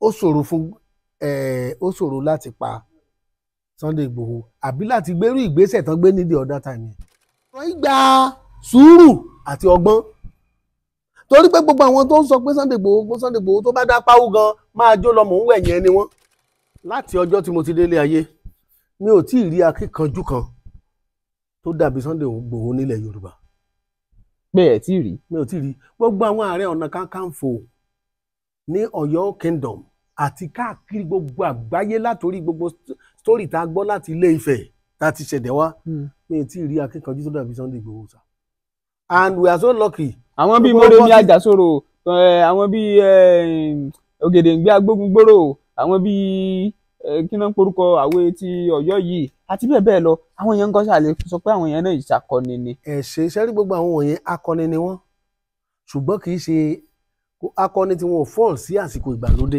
ó ṣòro fún ó ṣòro láti pa Sunday Igboho àbí láti gbérú ìgbésẹ̀ tán gbé ní the other time yẹn. wọ́n gba sùúrù àti ọgbọ́n torí pé gbogbo àwọn tó ń sọ pé Sunday Igboho pé Sunday Igboho tó bá dá páwó gan máa jó lọ mò ń wẹ̀yìn ẹni wọ́n. láti ọjọ́ tí mo ti délé ayé mi ò tí ì rí akíkanjú kan tó dàbí Sunday Igboho nílẹ̀ Yorùbá. bẹ́ẹ̀ tí ì rí. mi ò tí ì rí gbogbo àwọn ààrẹ ọ̀nà kakanfò ní Ọ̀yọ́ kingdom àti káàkiri gbogbo àgbáyé látòrí gbogbo sítórì tá a gbọ́ láti ilé Ifẹ̀ tá a ti ṣẹ̀dẹ̀ wá hmm. mi ì tí ì rí akíkanjú tó dàbí Sunday Igboho sá and we are so lucky. àwọn bíi Mọ́remí Àjàsorò eh, àwọn bíi Ògèdèǹgbé eh, Agbógungbòrò àwọn bíi eh, kí náà porúkọ àwé ti Ọ̀yọ́ yìí àti bẹ́ẹ̀ bẹ́ẹ̀ lọ àwọn èèyàn ń kọ́ sàlẹ̀ sọ pé àwọn èèyàn náà yìí ṣàkọni ni. ẹ̀ṣẹ̀ sẹ́rí gbogbo àwọn wọ̀nyẹn akọni ni wọ́n ṣùgbọ́n kì í ṣe akọni tí wọn ò fọ́ọ̀n sí àsìkò ìgbàlódé